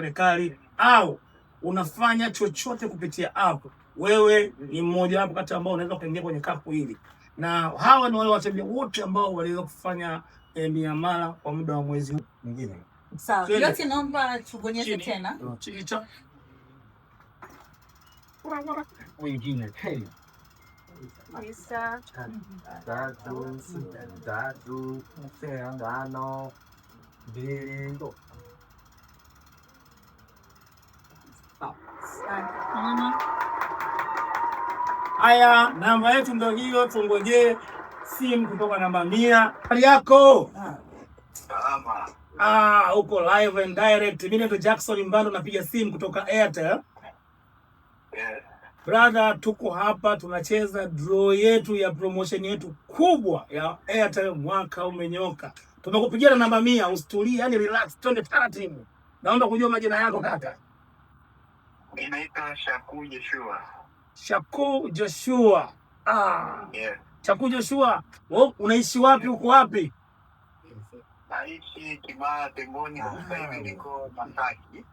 serikali au unafanya chochote kupitia app, wewe ni mmoja wapo kati ambao unaweza kuingia kwenye kapu hili, na hawa ni wale wateja wote ambao waliweza kufanya eh, miamala kwa muda wa mwezi mwingine. Sawa, yote naomba tubonyeze tena wengine tatu tatu tatu tatu Haya, Namba yetu ndio hiyo, tungojee simu kutoka namba mia. Hali yako? Ah. Salama. Ah, uko live and direct. Mimi ndo Jackson Mbando napiga simu kutoka Airtel. Brother, tuko hapa tunacheza draw yetu ya promotion yetu kubwa ya Airtel, mwaka umenyoka. Tumekupigia na namba mia, usitulie, yani relax, twende taratibu. Naomba kujua majina yako kaka inaitwa Shaku Joshua. Shaku Joshua. Ah. Yes. Shaku Joshua, wewe unaishi wapi Yes. Uko wapi? Naishi Kimara Temboni ah. sasa hivi niko Masaki.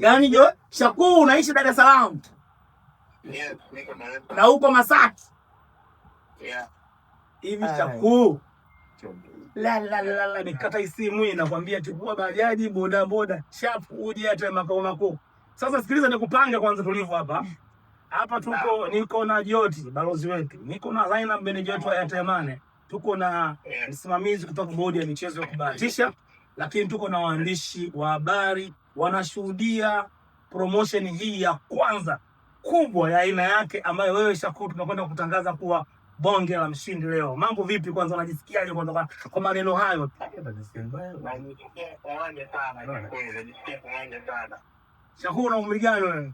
Gani jo? Shaku unaishi Dar es Salaam? Yes, niko Dar es Salaam. Na uko Masaki? Yeah. Hivi Shaku. La la la la, nikata simu inakwambia chukua bajaji boda boda. Shaku uje hata makao makuu. Sasa sikiliza, nikupange kwanza tulivyo hapa. Hapa tuko niko na Joti balozi wetu, niko na Zainab meneja wetu wa Airtel Money, tuko na msimamizi kutoka bodi ya michezo ya kubahatisha, lakini tuko na waandishi wa habari wanashuhudia promotion hii ya kwanza kubwa ya aina yake, ambayo wewe Shakuru tunakwenda kutangaza kuwa bonge la mshindi leo. Mambo vipi? Kwanza unajisikiaje kwanza kwa maneno hayo? shakuru una umri gani wewe?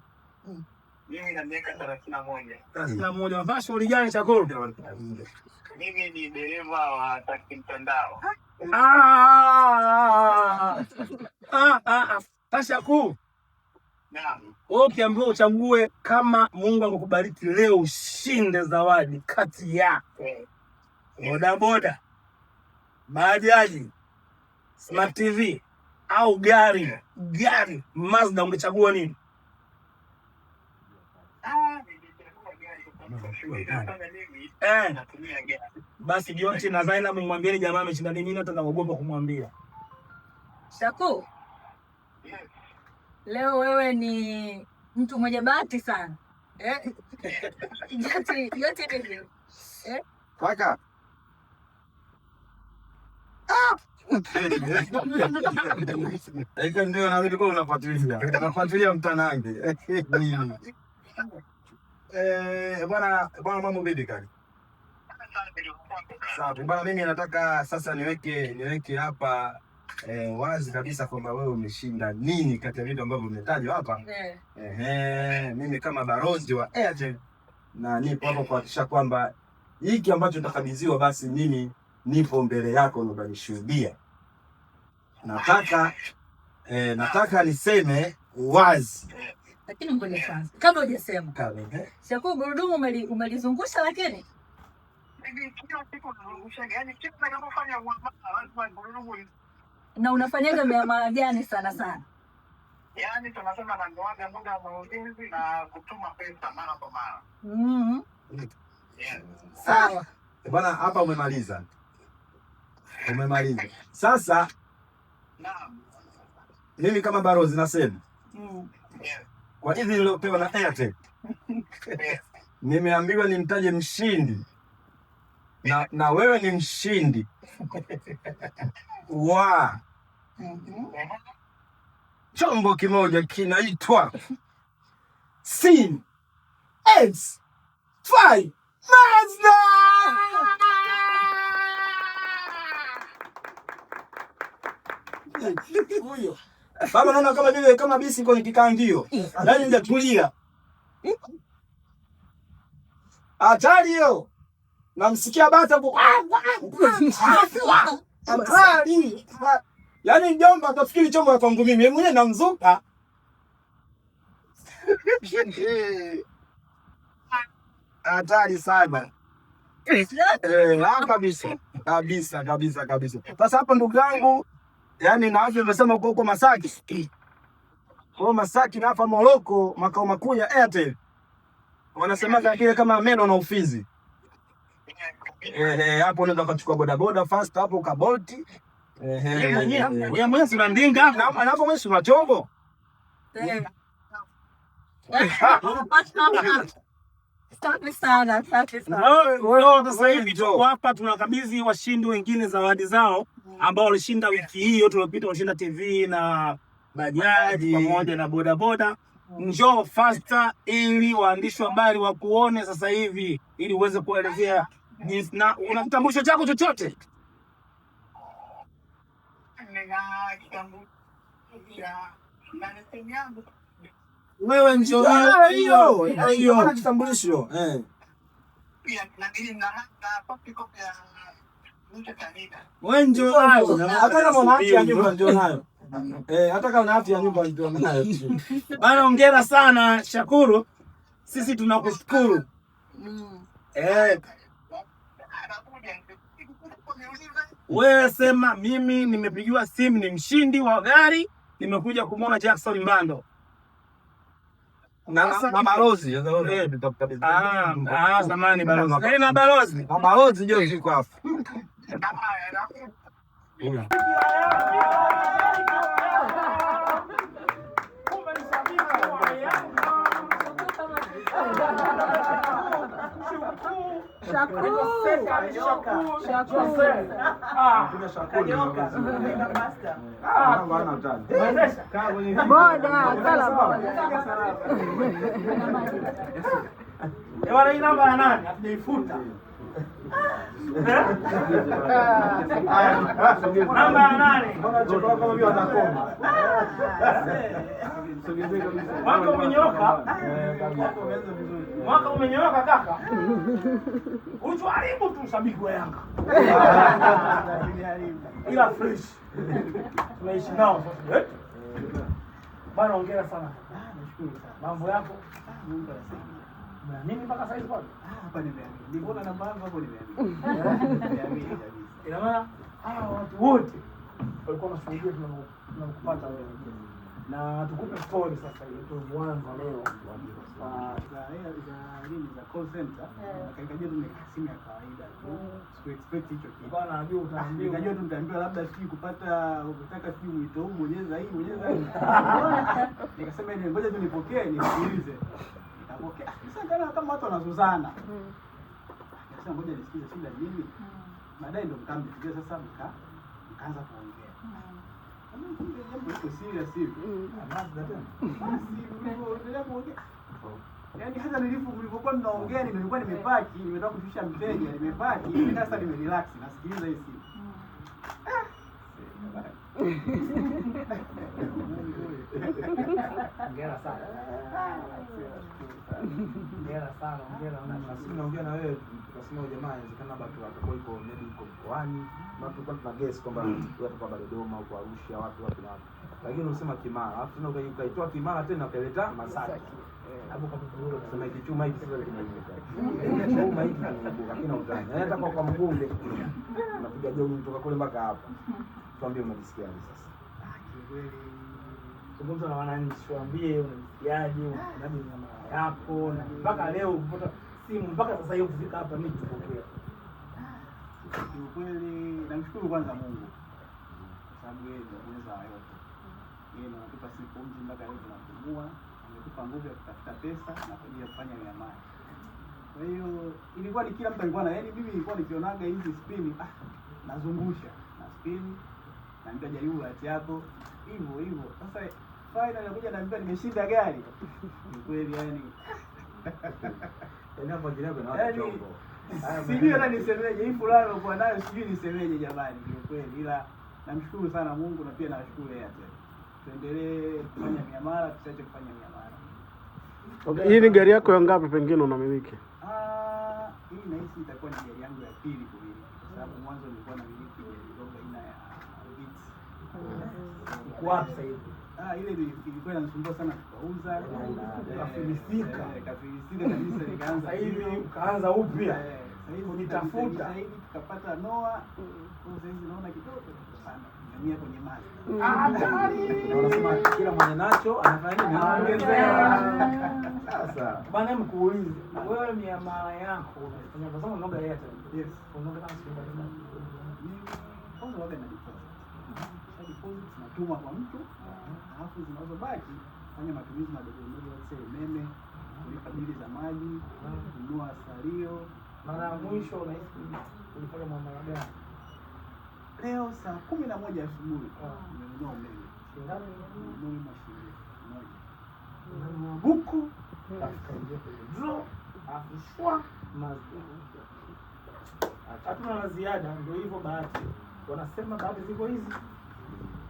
Mimi na miaka thelathini na moja. Thelathini na moja. Unafanya shughuli gani Mimi ni dereva wa taksi mtandao. Ah, ah, ah, wewe ukiambiwa uchague kama Mungu akukubariki leo ushinde zawadi kati ya eh. bodaboda, bajaji, Smart TV au gari gari Mazda, ungechagua nini? Eh, basi Jonti na Zaina, mwambieni jamaa ameshinda nini, hata naogopa kumwambia. Shaku, leo wewe ni mtu mwenye bahati sana eh? yote eh? Kaka. Ah! Hicho ndio na ulikuwa unafuatilia. Unafuatilia mtanange. Eh, bwana bwana mambo vipi kani? Sawa, bwana mimi nataka sasa niweke niweke hapa eh, wazi kabisa kwamba wewe umeshinda nini kati ya vitu ambavyo umetajwa hapa. Eh. Eh, mimi kama barozi wa Airtel na nipo hapo kuhakikisha kwamba hiki ambacho nitakabidhiwa basi mimi nipo mbele yako na utanishuhudia nataka eh, nataka niseme wazi lakini ngoja kwanza, kabla hujasema eh? Shakuu, gurudumu umelizungusha, lakini na unafanyaga miamala gani sana sana? Yani tunasema nandoaga muda wa maongezi na kutuma pesa mara kwa mara. Mhm. Sawa bwana, hapa umemaliza, umemaliza sasa mimi kama baro zinasema mm. kwa hizi niliopewa na Airtel nimeambiwa nimtaje mshindi na, na wewe ni mshindi wa mm-hmm. chombo kimoja kinaitwa Sin x Mazda. Ah! Huyo. Baba naona kama vile kama bisi kwenye kikangio Yaani ndatulia Hatari hiyo. Namsikia bata bu. Hatari. Yaani mjomba atafikiri chombo ya kwangu mimi. Mwenye namzuka. Hatari sana. Eh, kabisa. Kabisa kabisa kabisa. Sasa hapo ndugu yangu Yaani afya amesema kwa huko Masaki. Kwa Masaki na hapa Moroko makao makuu ya Airtel. kama kile kama meno na ufizi. Ehe, hapo unaweza kuchukua bodaboda fast hapo ka Bolt. Ehe. Ya mwezi na ndinga na hapo mwezi na chombo. Eh. Wewe wewe, sasa hivi tu hapa tunakabidhi washindi wengine zawadi zao ambao walishinda wiki hii yote iliyopita, walishinda TV na bajaji pamoja na bodaboda. Njoo fasta ili waandishi wa habari wakuone sasa hivi, ili uweze kuelezea jinsi na una kitambulisho chako chochote wewe njo ah, hiyo hiyo kitambulisho eh wewe nayo. Hata kama una hati ya nyumba nayo. Eh, hata kama una hati ya nyumba nayo. Bana, hongera sana Shakuru. Sisi tunakushukuru. Mm. Eh. Wewe sema mimi nimepigiwa simu, ni mshindi wa gari, nimekuja kumwona Jackson Mbando na balozi na balozi Ula. Boda, hii namba ya nani? Hatujaifuta. Namba nane mwaka umenyoka, mwaka umenyoka kaka, ulichoharibu tu shabiki wa Yanga ila fresh tunaishi nao eh? bana. ongera sana, mambo yako Umeamini mpaka saizi kwako? Ah, hapa nimeamini. Niliona namba yangu hapo nimeamini. Yaani, Ina maana hawa watu wote walikuwa wanashuhudia tunakupata wewe. Na tukupe story sasa ile tulianza leo kwa za nini za call center. Eh. Nikaangalia tu simu ya kawaida tu. Eh. Siku expect hicho kitu. Kwa najua utaambiwa. Nikajua tu nitaambiwa labda sijui kupata ukitaka sijui mwito huu bonyeza hii bonyeza hii. Nikasema ngoja tu nipokee nisikilize okay. Ah, sasa kama watu wanazozana mm. Akasema ngoja nisikize shida nini mm. Baadaye ndo mkambikia sasa, mkaanza kuongea Yaani hata nilipo nilipokuwa ninaongea mm. nilikuwa nimepaki, nimetoka kushusha mteja, nimepaki, mimi sasa nimerelax nasikiliza hii simu. Mm. Ah, Hongera sana. Hongera sana. Naongea na wewe tukasema jamaa, inawezekana bado atakuwa iko maybe iko mkoani, na tulikuwa tuna guess kwamba mm. atakuwa Dodoma au Arusha, watu watu na watu lakini unasema Kimara, alafu tena ukaitoa Kimara tena ukaleta Masaki eh. hapo kwa hiki sasa hiki kina utani hata kwa kwa unapiga kutoka kule mpaka hapa. Tuambie unajisikiaje sasa? Ah, na wananchi, tuambie unajisikiaje, na mara yako, na mpaka leo kupata simu mpaka sasa kufika hapa, mimi ah, namshukuru kwanza Mungu kwa sababu yeye yote yeye ndio anatupa siku nje mpaka leo tunapumua, ametupa nguvu ya kutafuta pesa na kwa ajili ya kufanya miamala. Kwa hiyo ilikuwa ni kila mtu alikuwa na yani, mimi nilikuwa nikionaga hizi spin ah, nazungusha na spin na ndio jaribu bahati yako hivyo hivyo. Sasa final nakuja naambia nimeshinda gari ni kweli yani mwingine yaani watu yaani, sijui hata nisemeje hii furaha nilokuwa nayo, sijui nisemeje jamani, ni kweli, ila namshukuru sana Mungu na pia nawashukuru Airtel tuendelee kufanya miamala, tusiache kufanya miamala. Okay, hii ni gari yako ya ngapi pengine unamiliki? Ah, hii nahisi itakuwa ni gari yangu ya pili kumiliki, kwa sababu mwanzo nilikuwa namiliki aina ya Beat. sasa hivi Ah, ile ilikuwa inanisumbua sana Kafilisika. Kafilisika kabisa nikaanza hivi ukaanza upya. Eh, sasa hivi Sasa hivi tukapata Noah. Mm. sasa hivi naona kidogo sana tumia kwenye maji. Wanasema mm. ah, kila mwenye nacho anafanya nini? Anaongezea. Ah, wewe, miamala yako unafanya kwa mtu, alafu zinazobaki fanya matumizi madogo madogo, let's umeme, kulipa bili za maji, kununua salio. Mara ya mwisho unahisi ulipata muamala gani? leo saa kumi na moja asubuhi ah. nimenunua umeme umeme wa moja hmm. nanunua buku akaingia hmm. kwenye droo afushwa hatuna la ziada, ndio hivyo bahati. Wanasema bahati ziko hizi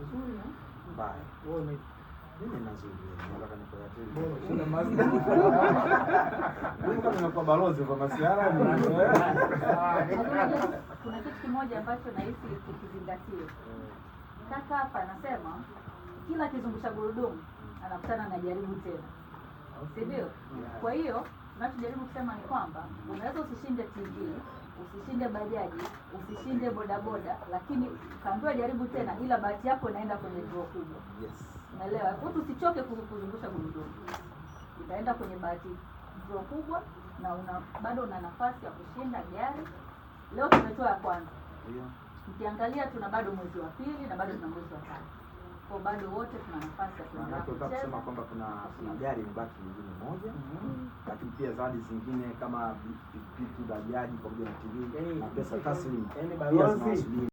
nzuri na eh? mbaya. Nimekuwa balozi kwa Kuna kitu kimoja ambacho nahisi tukizingatie. Kaka hapa anasema kila kizungusha gurudumu anakutana na jaribu tena, sindio Kwa hiyo tunachojaribu kusema ni kwamba unaweza usishinde TV usishinde bajaji, usishinde bodaboda, lakini ukaambiwa jaribu tena, ila bahati yako inaenda kwenye draw kubwa. Yes, unaelewa. Kwa usichoke kuzungusha gurudumu, itaenda kwenye bahati draw kubwa, na una bado una nafasi ya kushinda gari. Leo tumetoa ya kwanza, yeah. Mkiangalia tuna bado mwezi wa pili na bado tuna mwezi wa tatu kwa bado wote tuna nafasi ya kuendelea kusema kwamba kuna kuna gari imebaki nyingine moja, mm-hmm. lakini pia zawadi zingine kama pikipiki, bajaji pamoja na TV eh, na pesa eh, taslimu eh, pia zinawasubiri.